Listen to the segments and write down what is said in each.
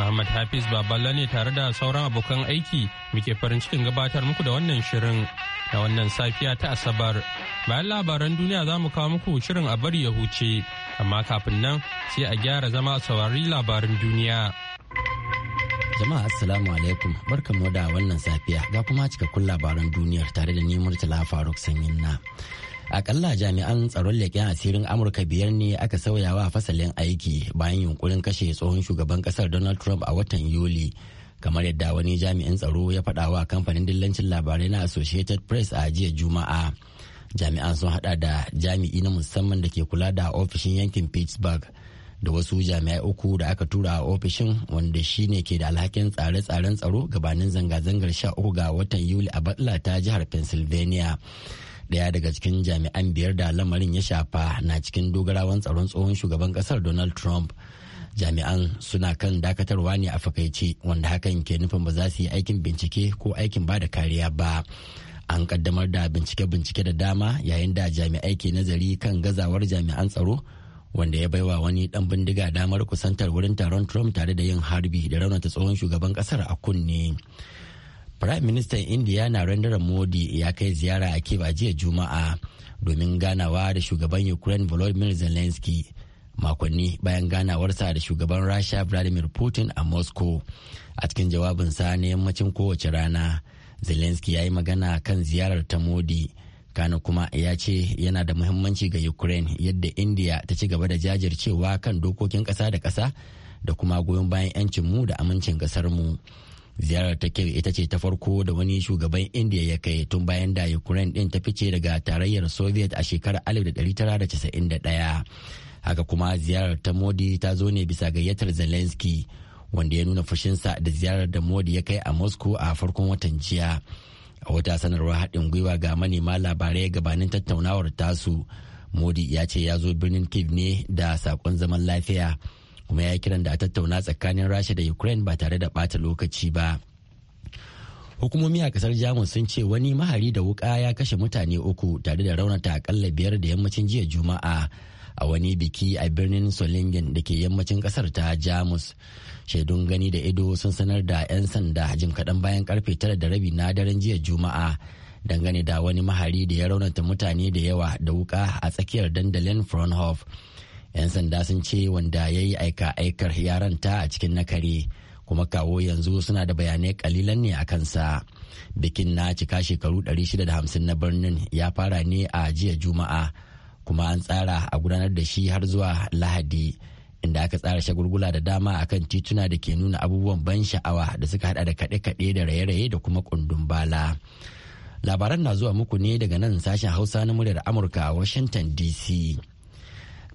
Muhammad Hafiz Baballa ne tare da sauran abokan aiki muke farin cikin gabatar muku da wannan shirin da wannan safiya ta Asabar. Bayan labaran duniya za mu kawo muku shirin a bari ya huce, amma kafin nan sai a gyara zama a saurari labarin duniya. Jama'a Assalamu alaikum mu da wannan safiya za kuma cikakkun labaran duniyar tare da ni Murtala Faruk Sanyin na. akalla jami'an tsaron leƙen asirin amurka biyar ne aka sauya wa fasalin aiki bayan yunkurin kashe tsohon shugaban kasar donald trump a watan yuli kamar yadda wani jami'in tsaro ya faɗa wa kamfanin dillancin labarai na associated press a jiya juma'a jami'an sun hada da jami'i na musamman da ke kula da ofishin yankin pittsburgh da wasu jami'ai uku da aka tura a ofishin wanda shine ke da alhakin tsare-tsaren tsaro gabanin zanga-zangar 13 ga watan yuli a batla ta jihar pennsylvania Daya daga cikin jami'an biyar da lamarin ya shafa na cikin dogarawan tsaron tsohon shugaban kasar Donald Trump. Jami'an suna kan dakatarwa ne a fakaice wanda hakan ke nufin ba za su yi aikin bincike ko aikin ba da kariya ba. An kaddamar da bincike-bincike da dama yayin da jami'ai ke nazari kan gazawar jami'an tsaro wanda ya baiwa wani dan bindiga damar kusantar wurin taron Trump tare da yin harbi da raunata tsohon shugaban kasar a kunne. Prime Minister India Narendra Modi ya kai ziyara a Kiev jiya Juma'a domin ganawa da shugaban Ukraine Volodymyr Zelensky makonni bayan ganawarsa da shugaban russia Vladimir Putin a Moscow. A cikin jawabinsa na yammacin kowace rana, Zelensky ya yi magana kan ziyarar ta Modi. Kano kuma ya ce yana da muhimmanci ga Ukraine yadda India ta ci gaba da jajircewa kan dokokin ƙasa da ƙasa da kuma goyon bayan 'yancin mu da amincin ƙasar mu. ziyarar ta kyau ita ce ta farko da wani shugaban india ya kai tun bayan da ukraine din ta fice daga tarayyar soviet a shekarar 1991 haka kuma ziyarar ta modi ta zo ne bisa gayyatar zelensky wanda ya nuna fushinsa da ziyarar da modi ya kai a moscow a farkon watan jiya a wata sanarwar haɗin gwiwa ga manema labarai gabanin tattaunawar tasu modi ya ce ya zo birnin kiv ne da saƙon zaman lafiya kuma ya kiran da a tattauna tsakanin rasha da ukraine ba tare da bata lokaci ba hukumomi a kasar jamus sun ce wani mahari da wuka ya kashe mutane uku tare da raunata akalla biyar da yammacin jiya juma'a a wani biki a birnin solingen da ke yammacin kasar ta jamus shaidun gani da ido sun sanar da 'yan sanda jim kaɗan bayan karfe tara da rabi na daren jiya juma'a dangane da wani mahari da ya raunata mutane da yawa da wuka a tsakiyar dandalin fronhof 'yan sanda sun ce wanda ya yi aika-aikar yaranta a cikin nakare kuma kawo yanzu suna da bayanai kalilan ne a kansa bikin na cika shekaru 650 na birnin ya fara ne a jiya juma'a kuma an tsara a gudanar da shi har zuwa lahadi inda aka tsara shagulgula da dama akan tituna da ke nuna abubuwan ban sha'awa da suka hada da kaɗe-kaɗe da raye-raye da kuma kundun bala labaran na zuwa muku ne daga nan sashen hausa na muryar amurka a washington dc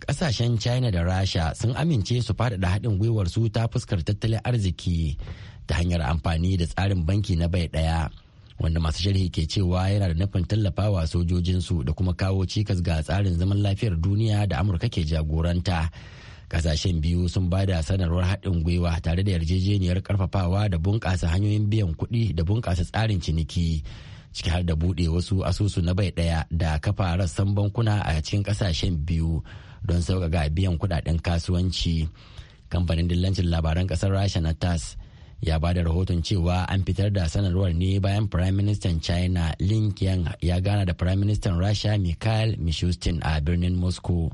kasashen china da rasha sun amince su faɗaɗa haɗin gwiwar su ta fuskar tattalin arziki ta hanyar amfani da tsarin banki na bai ɗaya wanda masu sharhi ke cewa yana da nufin tallafawa sojojinsu da kuma kawo cikas ga tsarin zaman lafiyar duniya da amurka ke jagoranta kasashen biyu sun ba da sanarwar haɗin gwiwa tare da yarjejeniyar karfafawa da bunƙasa hanyoyin biyan kuɗi da bunƙasa tsarin ciniki ciki har da buɗe wasu asusu na bai ɗaya da kafa rassan bankuna a cikin kasashen biyu don sauƙaƙa biyan kuɗaɗen kasuwanci kamfanin dillancin labaran ƙasar rasha na tas ya ba da rahoton cewa an fitar da sanarwar ne bayan prime minister china lin qiang ya gana da prime minister rasha mikhail mishustin a birnin moscow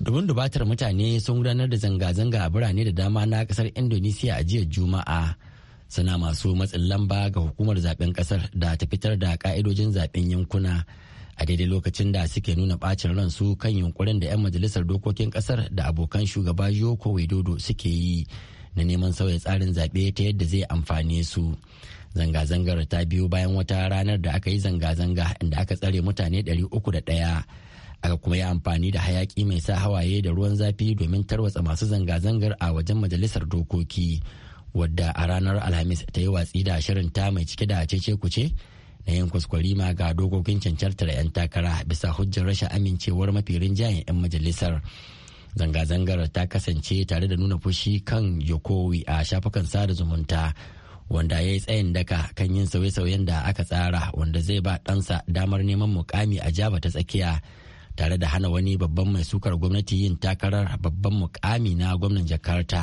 domin dubatar mutane sun gudanar da zanga-zanga a birane da dama na kasar indonesia a jiya juma'a suna masu matsin lamba ga hukumar zaben kasar da ta fitar da ka'idojin zaben yankuna a daidai lokacin da suke nuna bacin ransu kan yunkurin da 'yan majalisar dokokin kasar da abokan shugaba yoko widodo suke yi na neman sauya tsarin zaɓe ta yadda zai amfane su zanga-zangar ta biyo bayan wata ranar da aka yi zanga-zanga inda aka tsare mutane 301 aka kuma yi amfani da hayaki mai sa hawaye da ruwan zafi domin tarwatsa masu zanga-zangar a wajen majalisar dokoki wadda a ranar alhamis ta yi watsi da shirin ta mai cike da cece kuce na yin ma ga dokokin cancantar 'yan takara bisa hujjar rashin amincewar mafi rinjayen 'yan majalisar zanga-zangar ta kasance tare da nuna fushi kan yokowi a shafukan sada zumunta wanda ya yi tsayin daka kan yin sauye-sauyen da aka tsara wanda zai ba ɗansa damar neman mukami a jaba ta tsakiya tare da hana wani babban mai sukar gwamnati yin takarar babban mukami na gwamnan jakarta.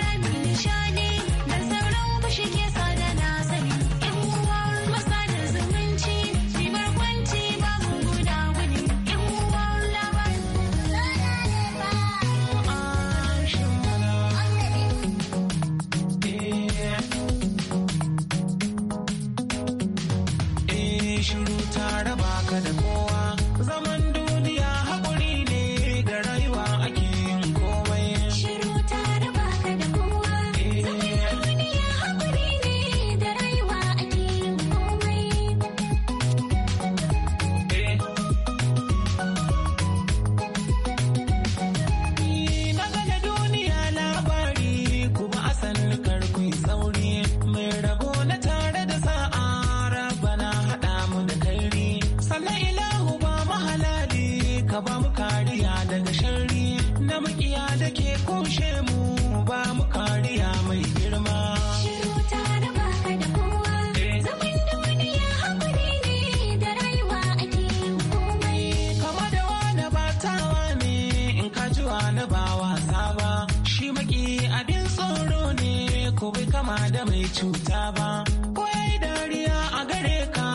kama da mai cuta ba ko yayi dariya a gare ka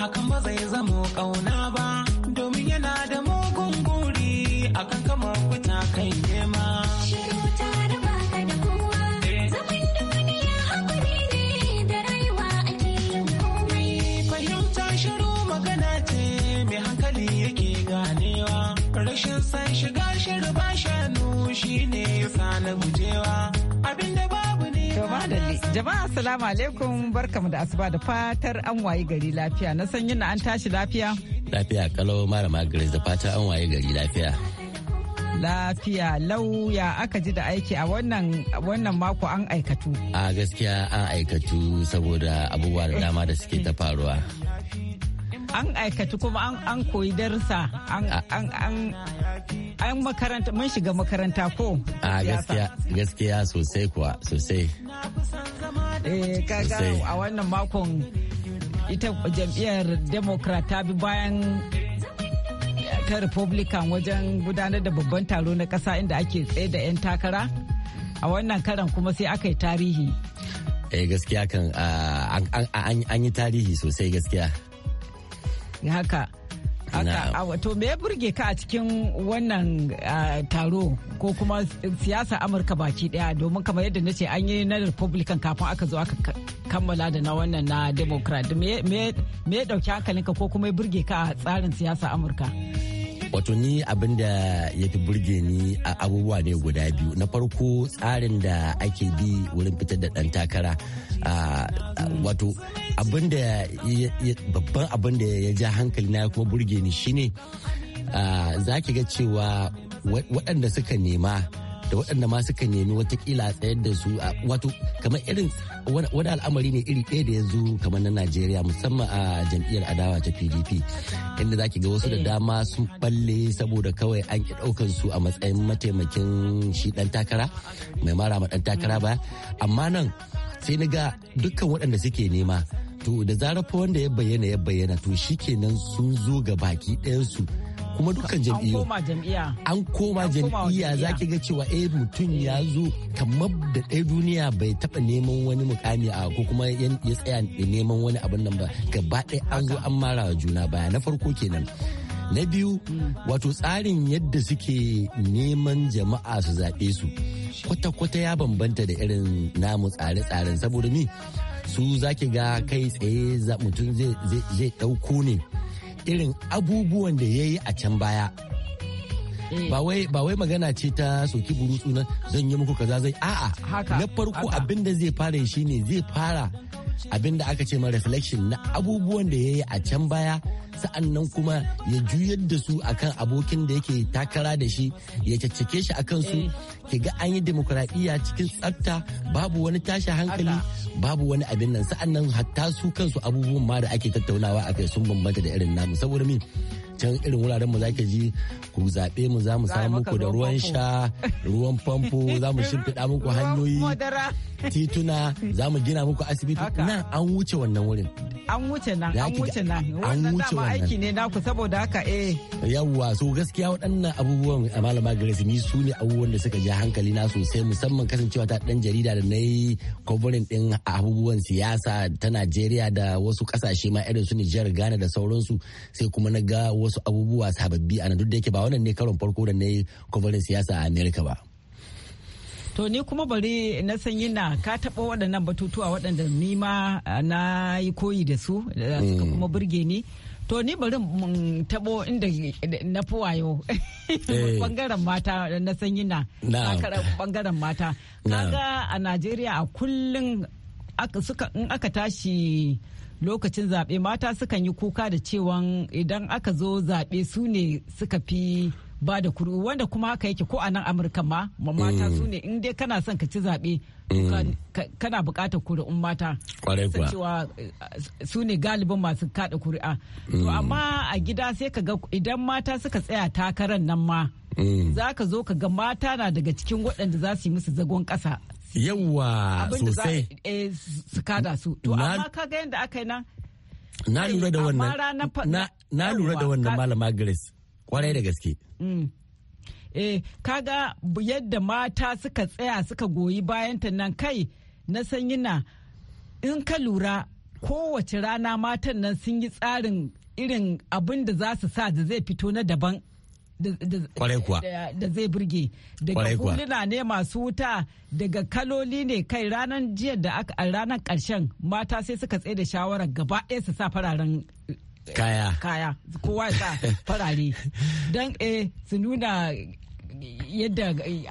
hakan ba zai zamo ƙauna Jama'a assalamu alaikum barkamu da asuba da fatar an wayi gari lafiya na san na an tashi lafiya. Lafiya kalau malama Grace da fatar an wayi gari lafiya. Lafiya lau ya aka ji da aiki a wannan wannan mako an aikatu. A gaskiya an aikatu saboda abubuwa da dama da suke ta faruwa. an aikatu kuma an koyi darsa an makaranta mun shiga makaranta ko a gaskiya sosai kuwa sosai Eh, a wannan makon ita jam'iyyar democrat ta bi bayan eh, ta republican wajen gudanar da babban taro na kasa inda ake tsaye da 'yan takara a wannan karan kuma sai aka yi tarihi eh gaskiya kan ah, an yi tarihi sosai gaskiya haka wato me ya burge ka a cikin wannan taro ko kuma siyasa amurka baki daya domin kamar yadda na ce an yi na republican kafin aka zo aka kammala da na wannan na democrat me ya dauki hankalinka ko kuma ya burge ka a tsarin siyasa amurka wato ni abin da ya fi burge ni a abubuwa ne guda biyu na farko tsarin da ake bi wurin fitar da ɗan takara wato abin da babban abin da ya ja hankali na kuma burge ni shine za ki ga cewa waɗanda suka nema da waɗanda ma suka nemi watakila tsayar da su wato kamar irin wani al'amari ne iri ɗaya da ya zo kamar na najeriya musamman a jam'iyyar adawa ta pdp inda zaki ga wasu da eh. dama sun balle saboda kawai an ki ɗaukan su a matsayin mataimakin shi ɗan takara mai mara ma ɗan takara ba amma nan sai ni ga dukkan waɗanda suke nema to da zarar wanda ya bayyana ya bayyana to shikenan sun zo ga baki ɗayan su kuma dukkan jam'iyyu an koma jam'iyya za ki ga cewa eh mutum ya zo kamar da ɗaya duniya bai taɓa neman wani mukami a ko kuma ya tsaya neman wani abin nan ba gaba ɗaya an zo an mara juna baya na farko kenan na biyu hmm. wato tsarin yadda suke neman jama'a su zaɓe su kwata-kwata ya bambanta da irin namu tsare-tsaren saboda ni su zaki ga kai tsaye mutum zai ɗauko ne irin abubuwan da ya yi a can baya eh. ba wai magana ce ta soki burutsu na zan yi muku kaza zai a'a na farko abin da zai fara shi ne zai fara abin da aka ce ma reflection na abubuwan da ya yi a can baya sa'annan kuma ya juyar da su akan abokin da yake takara da shi ya caccake shi akan su eh. ki ga an yi demokuraɗiyya cikin tsafta babu wani tashi hankali babu wani abin nan sa'annan hatta su kansu abubuwan ma da ake tattaunawa a kai sun bambanta da irin namu saboda min can irin wuraren mu zaki ji ku zaɓe mu za mu samu muku da ruwan sha ruwan famfo za mu shimfiɗa muku hanyoyi tituna za mu gina muku asibiti nan an wuce wannan wurin an wuce nan an wuce nan an wuce wannan aiki ne naku saboda haka eh yawwa so gaskiya waɗannan abubuwan a eh, malama Grace ni su ne abubuwan da suka ja hankali na sosai musamman kasancewa ta dan jarida da na yi covering din abubuwan siyasa ta Najeriya da wasu kasashe ma irin su Nijar Ghana da sauransu sai kuma na ga wasu abubuwa sababbi a nan duk da yake ba wannan ne karon farko da na yi kwafarin siyasa a Amerika ba To ni kuma bari na san yana ka taɓa waɗannan batutuwa waɗanda ni ma eh, na yi koyi da su da suka mm. kuma burge ni. To ni bari mun taɓo inda na fi wayo eh. ɓangaren mata na san yana ɓangaren mata. Kaga a Najeriya a kullum in aka tashi lokacin zaɓe mata sukan yi kuka da cewa idan aka zo zaɓe su ne suka fi ba da kuru wanda kuma haka yake ko a nan amurka ma ma mata su ne in dai kana son ka ci zaɓe mm. kana buƙatar kuri'un mata cewa eh, su ne galibin masu kaɗa kuri'a to mm. amma a gida sai ka ga idan mata suka tsaya takarar nan ma mm. za ka zo ka ga mata na daga cikin waɗanda za su yi musu zagon ƙasa yawwa sosai eh, su to amma aka yi eh, na lura da wannan na lura da wannan malama grace kwarai da gaske mm. eh kaga yadda mata suka tsaya suka goyi bayanta nan kai na san yana in ka lura kowace rana matan nan sun yi tsarin irin abin da za su sa da zai fito na daban kwarai kuwa da zai burge daga huluna ne masu wuta daga kaloli ne kai ranar jiya da aka ranar karshen mata sai suka tsaye da shawarar gaba ɗaya su sa fararen eh, kaya kaya kowa sa farare don eh su nuna yadda eh,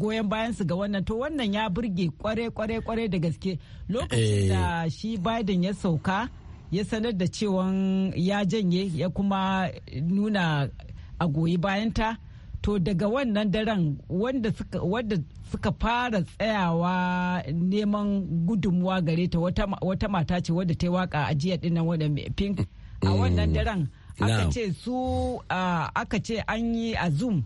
goyon bayan su ga wannan to wannan ya burge kware kware kware da gaske lokacin eh. da shi biden ya sauka ya sanar da cewa ya janye ya kuma nuna a goyi bayanta to daga wannan daren wanda suka, fara tsayawa neman gudunmuwa gare ta wata, mata ce wadda ta yi waka a jiya dinnan wadda pink a mm. wannan daren aka ce su aka ce an yi a zoom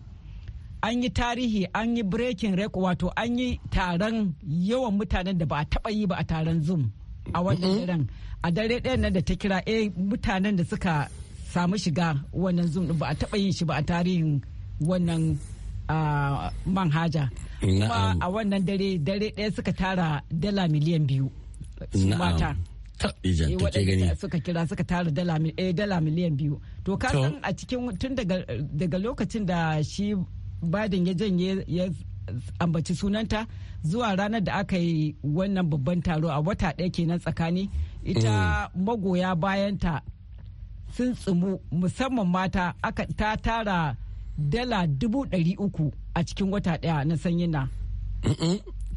an yi tarihi an yi breaking record wato an yi taron yawan mutanen da ba a taba yi ba a taron zoom a wannan daren a dare ɗayan nan da ta kira eh mutanen da suka samu shiga wannan zoom ba a taba yin shi ba a tarihin wannan manhaja kuma a wannan dare dare ɗaya suka tara dala miliyan biyu mata eh, suka kira suka tara dala eh, miliyan biyu to ka san a cikin tun daga lokacin da shi badin ya janye ya ambaci sunanta zuwa ranar da aka yi wannan babban taro a wata ɗaya kenan tsakani ita mm. magoya bayanta sun tsumu musamman mata aka ta tara dala dubu ɗari uku a cikin wata ɗaya na sanyi na.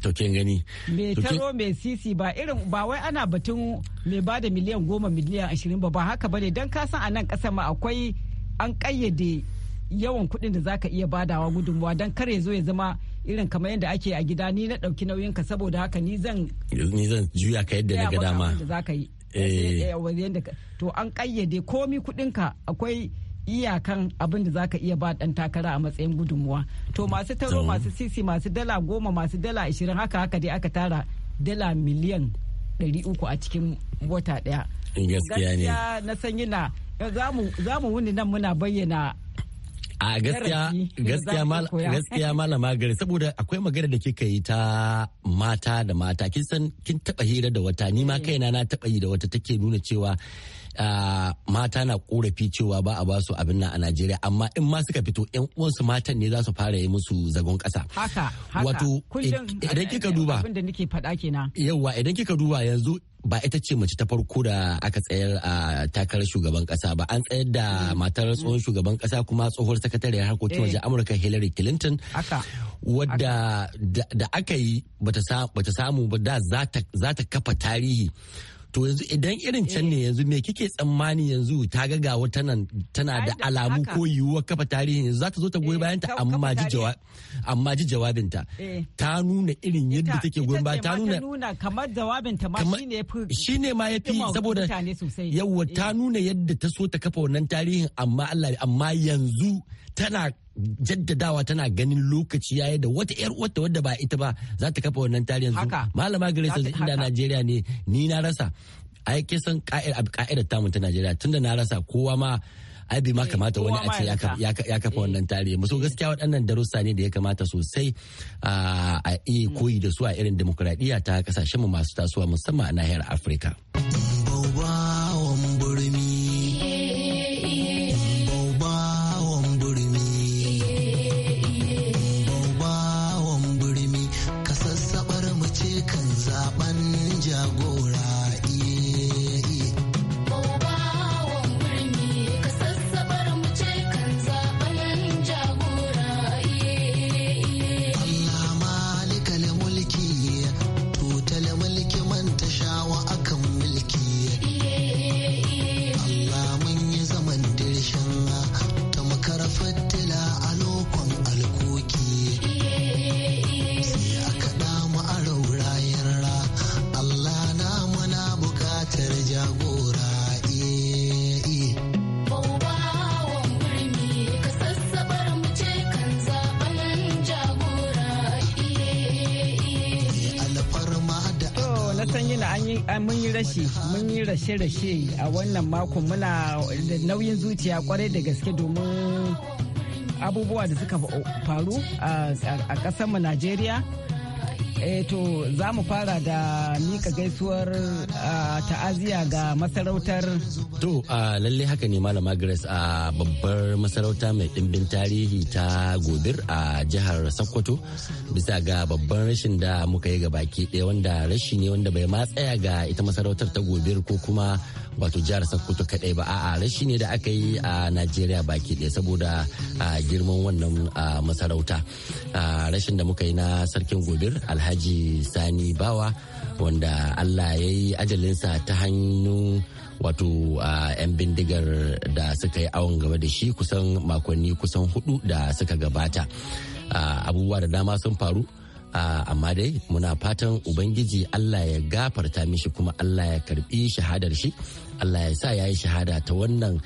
to gani me taro me sisi ba irin ba wai ana batun me ba da miliyan goma miliyan ashirin ba ba haka ba ne don kasan a nan ƙasa ma akwai an kayyade yawan kuɗin da zaka iya badawa gudunmuwa don kare zo ya zama irin kamar yadda ake a gida ni na ɗauki nauyinka saboda haka ni zan ni zan juya ka yadda na ga dama Eh, eh, eh, to an kayyade komi kudinka akwai iyakan abin da zaka iya ba dan takara a matsayin gudunmuwa to masu taro masu sisi masu dala goma masu dala ashirin haka haka dai aka tara dala miliyan ɗari uku a cikin wata ɗaya gaskiya na san yana za mu wuni nan muna bayyana a gaskiya gaskiya malama gari saboda akwai magana da kika yi ta mata da mata kin san kin taba hira da wata ni ma eh. kaina na taba yi da wata take nuna cewa mata na korafi cewa ba a basu abin nan a Najeriya amma in ma suka fito yan uwansu matan ne za su fara yi musu zagon kasa. Haka haka wato idan kika duba abin da nake faɗa kenan. Yawwa idan kika duba yanzu ba ita ce mace ta farko da aka tsayar a takarar shugaban kasa ba an tsayar da mm. matar mm. tsohon shugaban kasa kuma tsohuwar sakatariyar harkokin waje eh. amurka hillary clinton wadda da aka yi bata samu ba da za ta kafa tarihi to yanzu idan irin can ne eh. yanzu me kike tsammani yanzu ta ga ga wata nan tana da alamu ko yiwuwar kafa tarihi yanzu za ta zo ta goyi eh, bayan ta amma ji jawab amma ji jawabin ta eh. ta nuna irin yadda take goyi bayan ta nuna kamar jawabin ta ma shine fi shine ma yafi saboda yawwa ta nuna yadda ta so ta kafa wannan tarihin amma Allah amma yanzu tana jaddadawa tana ganin lokaci yayi da wata yar wata wadda ba ita ba za ta kafa wannan tarihin malama gare ta inda Najeriya ne ni na rasa ai san ka'idar tamu ta Najeriya tunda na rasa kowa ma ai bi ma kamata wani a ce ya kafa wannan tarihi musu gaskiya waɗannan darussa ne da ya kamata sosai a iya koyi da su a irin demokuraɗiyya ta kasashen mu masu tasowa musamman a nahiyar Afirka. rashi mun yi rashe-rashe a wannan mako muna da nauyin zuciya kwarai da gaske domin abubuwa da suka faru a ƙasarmu najeriya eh, to za mu fara da mika gaisuwar ah, ta'aziyya ga masarautar To a lalle haka ne Malama Grace a babbar masarauta mai ɗimbin tarihi ta Gobir a jihar Sokoto bisa ga babban rashin da muka yi ga baki ɗaya wanda rashi ne wanda bai ma tsaya ga ita masarautar ta Gobir ko kuma wato jihar Sokoto kaɗai ba a'a rashi ne da aka yi a Najeriya baki ɗaya saboda girman wannan masarauta. Rashin da muka yi na sarkin Gobir Alhaji Sani Bawa wanda Allah ya yi ajalinsa ta hannun wato yan bindigar da suka yi awon gaba da shi kusan makonni kusan hudu da suka gabata abubuwa da dama sun faru amma dai muna fatan ubangiji allah ya gafarta mishi kuma allah ya karbi shahadar shi allah ya sa ya yi shahada ta wannan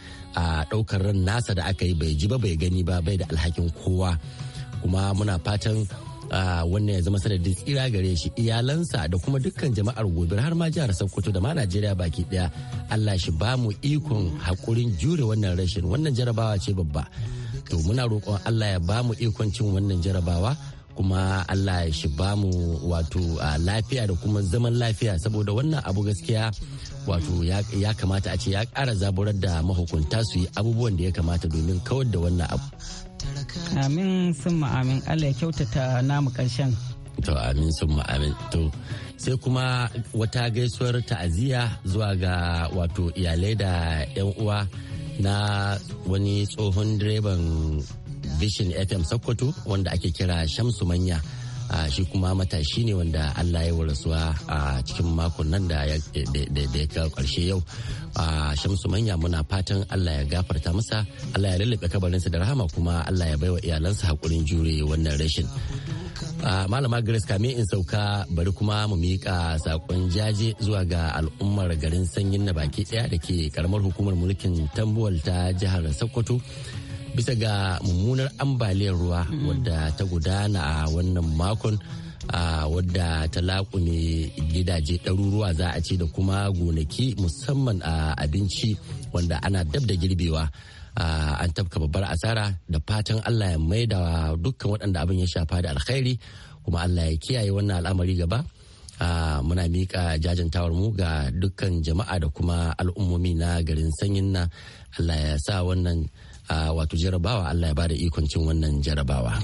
ɗaukar ran nasa da aka yi bai ji ba bai gani ba bai da alhakin kowa kuma muna fatan wannan ya zama sanadin tsira gare shi iyalansa da kuma dukkan jama'ar gobe har ma jihar sokoto da ma najeriya baki daya allah shi ba mu ikon hakurin jure wannan rashin wannan jarabawa ce babba to muna roƙon allah ya ba mu ikon cin wannan jarabawa kuma Allah ya shi ba mu wato lafiya da kuma zaman lafiya saboda wannan abu gaskiya wato ya kamata a ce ya kara zaburar da mahukunta su yi abubuwan da ya kamata domin kawar da wannan abu. amin sun amin allah ya kyautata namu karshen to amin sun amin to sai kuma wata gaisuwar ta'aziyya zuwa ga wato iyalai da 'yan uwa na wani tsohon direban vision fm sokoto wanda ake kira shamsu manya a shi kuma matashi ne wanda Allah ya rasuwa a cikin makon nan da ya kawo karshe yau a shamsu manya muna fatan Allah ya gafarta masa Allah ya kabarin kabarinsa da rahama kuma Allah ya baiwa iyalansa haƙurin jure wannan rashin malama grace kame in sauka bari kuma mu miƙa sakon jaje zuwa ga al'ummar garin sanyin na baki ɗaya da ke karamar hukumar mulkin tambuwal ta jihar sokoto bisa ga mummunar ambaliyar ruwa mm. wadda ta gudana a wannan makon a wadda ta laƙune gidaje ɗaruruwa za a ce da kuma gonaki musamman a abinci wanda ana dab da girbewa an tabka babbar asara da fatan allah ya maida dukkan waɗanda abin ya shafa da alkhairi kuma allah ya kiyaye wannan al'amari gaba muna miƙa jajantawar mu ga dukkan jama'a da kuma al'ummomi na garin sanyin na allah ya sa wannan wato jarabawa Allah ya bada ikon cin wannan jarabawa.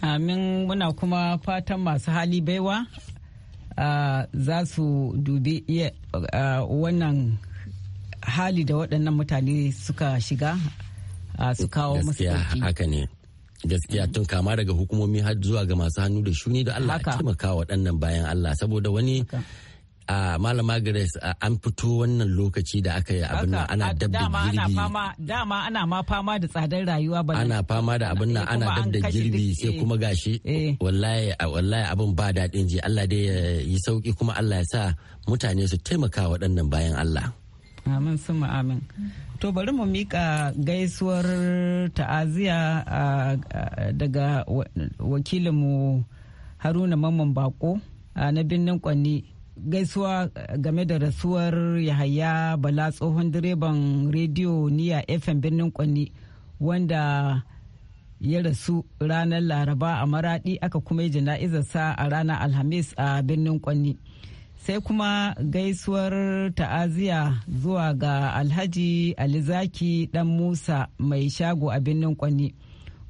Amin muna kuma fatan masu hali baiwa za su dubi wannan hali da waɗannan mutane suka shiga su kawo musu haka ne. gaskiya tun kama daga hukumomi har zuwa ga masu hannu da shuni da Allah a taimaka waɗannan bayan Allah saboda wani a malama grace an fito wannan lokaci da aka yi abin nan ana dab da girbi dama ana ma fama da tsadar rayuwa ba ana fama da abin nan ana dab da girbi sai eh, kuma gashi eh. wallahi wallahi abin ba daɗin ji Allah dai ya yi sauki kuma Allah ya sa mutane su taimaka waɗannan bayan Allah amin suma amin to bari mu mika gaisuwar ta'aziya daga wakilinmu haruna mamman bako na birnin kwanni gaisuwa game da rasuwar yahaya bala tsohon direban rediyo niya fm birnin kwanni wanda ya rasu ranar laraba a maradi aka kuma yi jana'izarsa a ranar alhamis a birnin kwanni sai kuma gaisuwar ta'aziya zuwa ga alhaji alizaki dan musa mai shago a birnin kwanni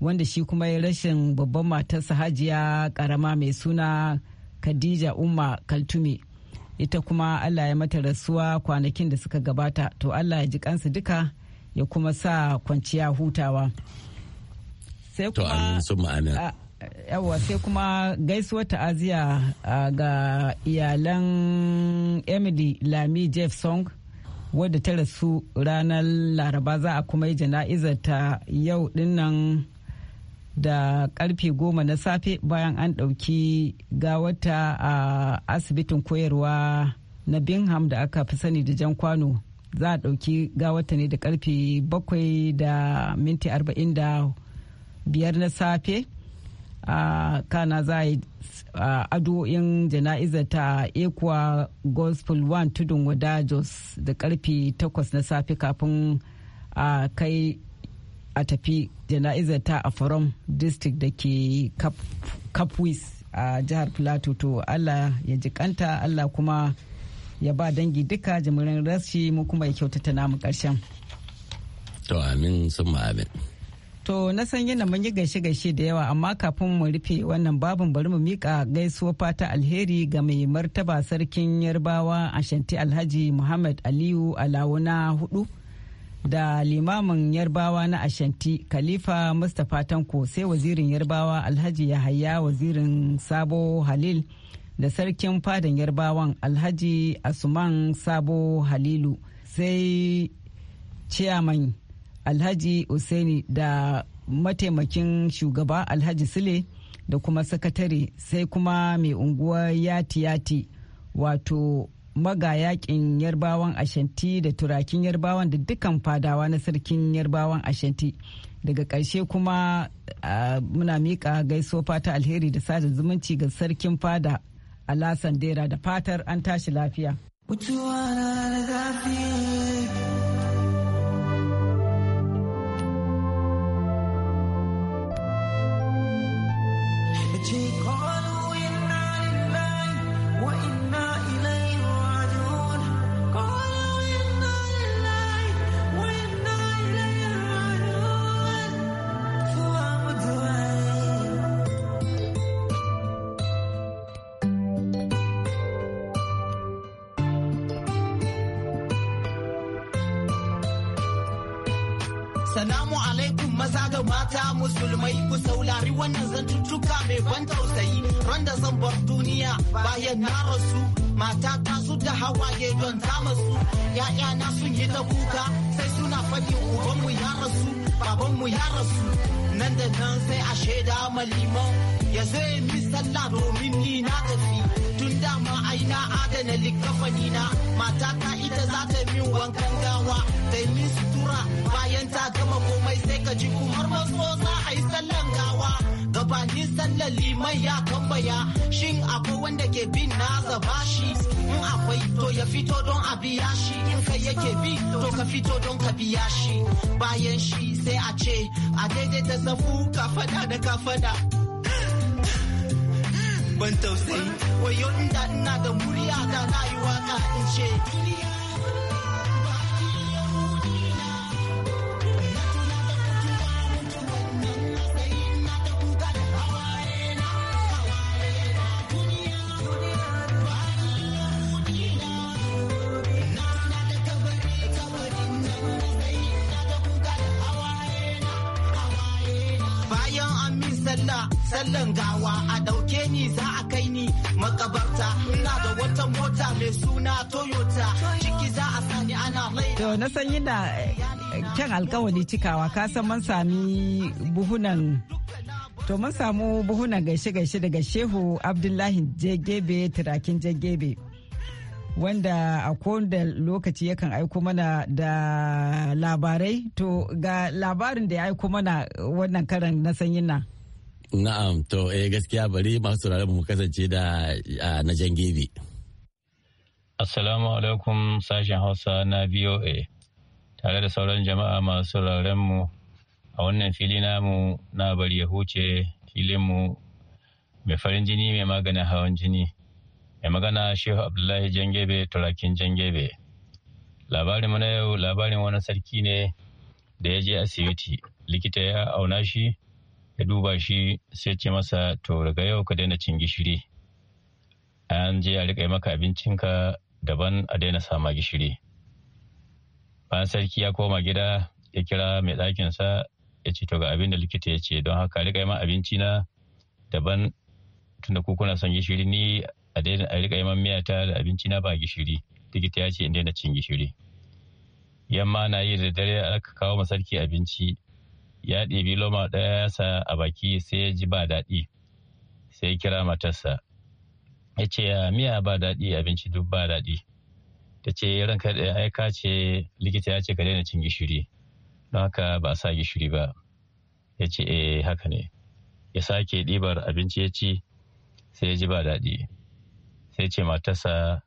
wanda shi kuma ya rashin babban matarsa hajiya karama mai suna khadija umma kaltume ita kuma Allah ya mata rasuwa kwanakin da suka gabata to Allah ya ji kansu duka ya kuma sa kwanciya hutawa sai kuma yawa sai kuma gaisuwar ta'aziya ga iyalan emily lami jeff song wadda ta rasu ranar laraba za a kuma yi jana'izar ta yau dinnan da karfe goma na safe bayan an ɗauki gawata a asibitin koyarwa na bingham da aka fi sani da jan kwano za a ɗauki gawata ne da karfe bakwai da minti arba'in da biyar na safe a kana za a yi addu'o'in jana'izar ta ekuwa gospel one tudun wada jos da karfe 8 na safe kafin a kai a tafi jana'izar ta a forum district da ke kapwis a jihar plateau to allah ya jikanta allah kuma ya ba dangi duka jimirin rashi mu kuma ya kyautata namu karshen to amin sun amin To na san yana mun yi gaishe-gaishe da yawa amma kafin mu rufe wannan babin bari mu mika gaisuwa fata alheri ga mai martaba sarkin yarbawa ashanti alhaji Muhammad Aliyu alawuna hudu da limamin yarbawa na ashanti khalifa mustapha tanko sai wazirin yarbawa alhaji yahaya wazirin sabo halil da sarkin fadan yarbawan alhaji asuman sabo halilu sai ciyaman alhaji usaini da mataimakin shugaba alhaji sule da kuma sakatare sai kuma mai unguwar yati yati wato magayaƙin yarbawan ashanti da turakin yarbawan da dukkan fadawa na sarkin yarbawan ashanti daga ƙarshe kuma muna miƙa gaiso fata alheri da sada zumunci ga sarkin fada alasan dera da fatar an tashi lafiya. hawaye don dama su ya'ya na sun yi ta kuka sai suna faɗi ubanmu ya rasu babanmu ya rasu nan da nan sai a shaida liman ya zo ya mi sallah domin ni na tafi tun dama ai na adana likafani na ta ita za ta min wankan gawa ta min sutura bayan ta gama komai sai ka ji kumar maso za a yi sallan gawa gabanin sallar liman ya tambaya shin akwai wanda ke bin na zaba in akwai to ya fito don a shi in kai yake bi to ka fito don ka biya shi bayan shi sai a ce a daidai ta safu ka fada da ka fada ban tausayi wayo inda ina da murya da rayuwa ka in ce sallah sallan gawa a dauke ni za a kai ni makabarta ina da wata mota mai suna toyota ciki za a sani ana laida to na san yana eh, kyan alkawari cikawa ka san man sami buhunan to mun samu buhunan gaishe-gaishe daga shehu abdullahi jegebe turakin jegebe wanda a da lokaci yakan aiko mana da labarai to ga labarin da ya aiko mana wannan karan na sanyin nan Na'am to eh gaskiya bari masu sauraron mu kasance da na jan gebe. Assalamu alaikum sashen Hausa na VOA tare da sauran jama'a masu sauraron mu a wannan fili namu na bari ya huce filin mu mai farin jini mai maganin hawan jini mai magana shehu abdullahi jangebe turakin jangebe labarin mu na yau labarin wani sarki ne da ya je asibiti likita ya auna shi ka duba shi sai ce masa to daga yau ka daina cin gishiri an je a riƙa maka abincinka daban a daina sama gishiri bayan sarki ya koma gida ya kira mai ɗakinsa ya ce to ga abin da likita ya ce don haka riƙa ma abinci na daban tunda kuna son gishiri ni a daina a riƙa ma miyata da abinci na ba gishiri likita ya ce in daina cin gishiri yamma na yi da dare aka kawo ma sarki abinci ya ɗebi loma ɗaya sa a baki sai ya ji ba daɗi sai ya kira matarsa ya ce ya miya ba daɗi abinci duk ba daɗi ta ce ranka da aika ce likita ya ce ka daina cin gishiri don haka ba a sa gishiri ba ya ce eh haka ne ya sake ɗibar abinci ya ci sai ya ji ba daɗi sai ce matarsa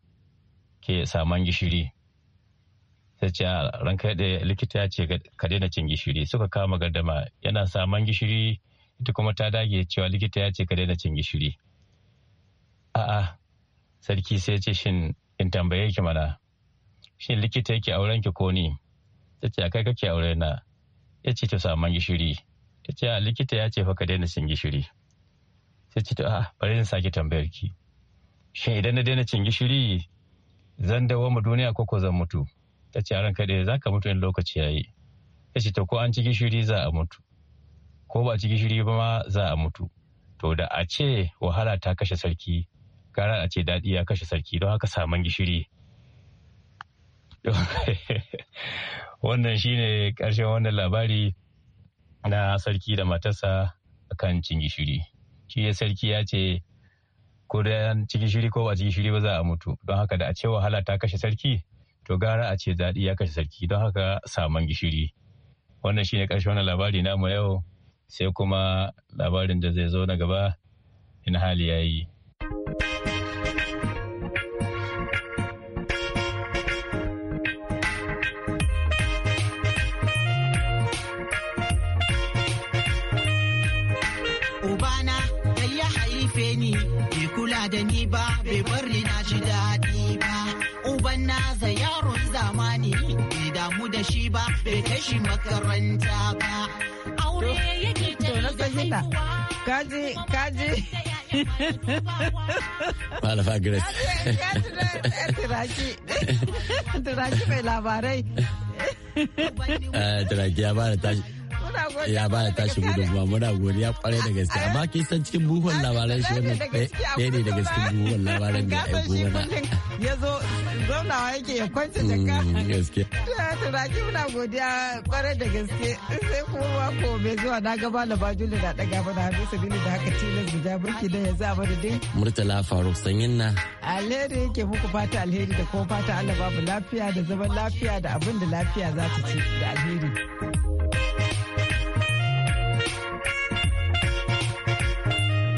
ke saman gishiri sai ce ah, ranka da likita ya ce ka daina cin gishiri suka kama gardama yana saman gishiri ita kuma ta dage cewa likita ya ce ka daina cin gishiri a'a sarki sai ce shin in tambaye ki mana shin likita yake auren ki ko ni ta ce kai kake aure na ya ce ta saman gishiri ta ce ah, likita ya ce fa ka daina cin gishiri sai ce a'a bari in saki tambayar ki shin idan na daina cin gishiri zan dawo mu duniya ko ko zan mutu ta ce ran kaɗai za ka mutu in lokaci ya yi ta ce to ko an ci gishiri za a mutu ko ba ci gishiri ba ma za a mutu to da a ce wahala ta kashe sarki gara a ce daɗi ya kashe sarki don haka saman gishiri wannan shine ƙarshen wannan labari na sarki da matarsa kan cin gishiri shi ya sarki ya ce ko da ciki shiri ko ba ciki shiri ba za a mutu don haka da a ce wahala ta kashe sarki to gara a ce daɗi ya kashe sarki don haka saman gishiri wannan shi ne ƙarshen wannan labari mu yau sai kuma labarin da zai zo na gaba in hali ya yi Ubana ya haife ni, bai kula da ni ba, bai bari na shi aza yaron zamani bai damu da shi ba bai kai shi makaranta ba aure yake ta kaji kaji Malafa Grace. labarai. Eh, ya bada tashi. ya ba baya tashi gudunmuwa muna godiya kwarai da gaske amma ke san cikin buhun labaran shi wannan eh, ɗaya ne daga cikin buhun labaran da ya aiko na. ya zo zaunawa yake ya kwance jaka mm, gaske turaki muna godiya kwarai da gaske sai kuma mako mai zuwa na gaba da bajulu da daga mana hannu sabili da haka tilas da burki da ya za dai. murtala faruk sanyin na alheri yake muku fata alheri da kuma fata allah babu lafiya da zaman lafiya da abin da lafiya za ta ci da alheri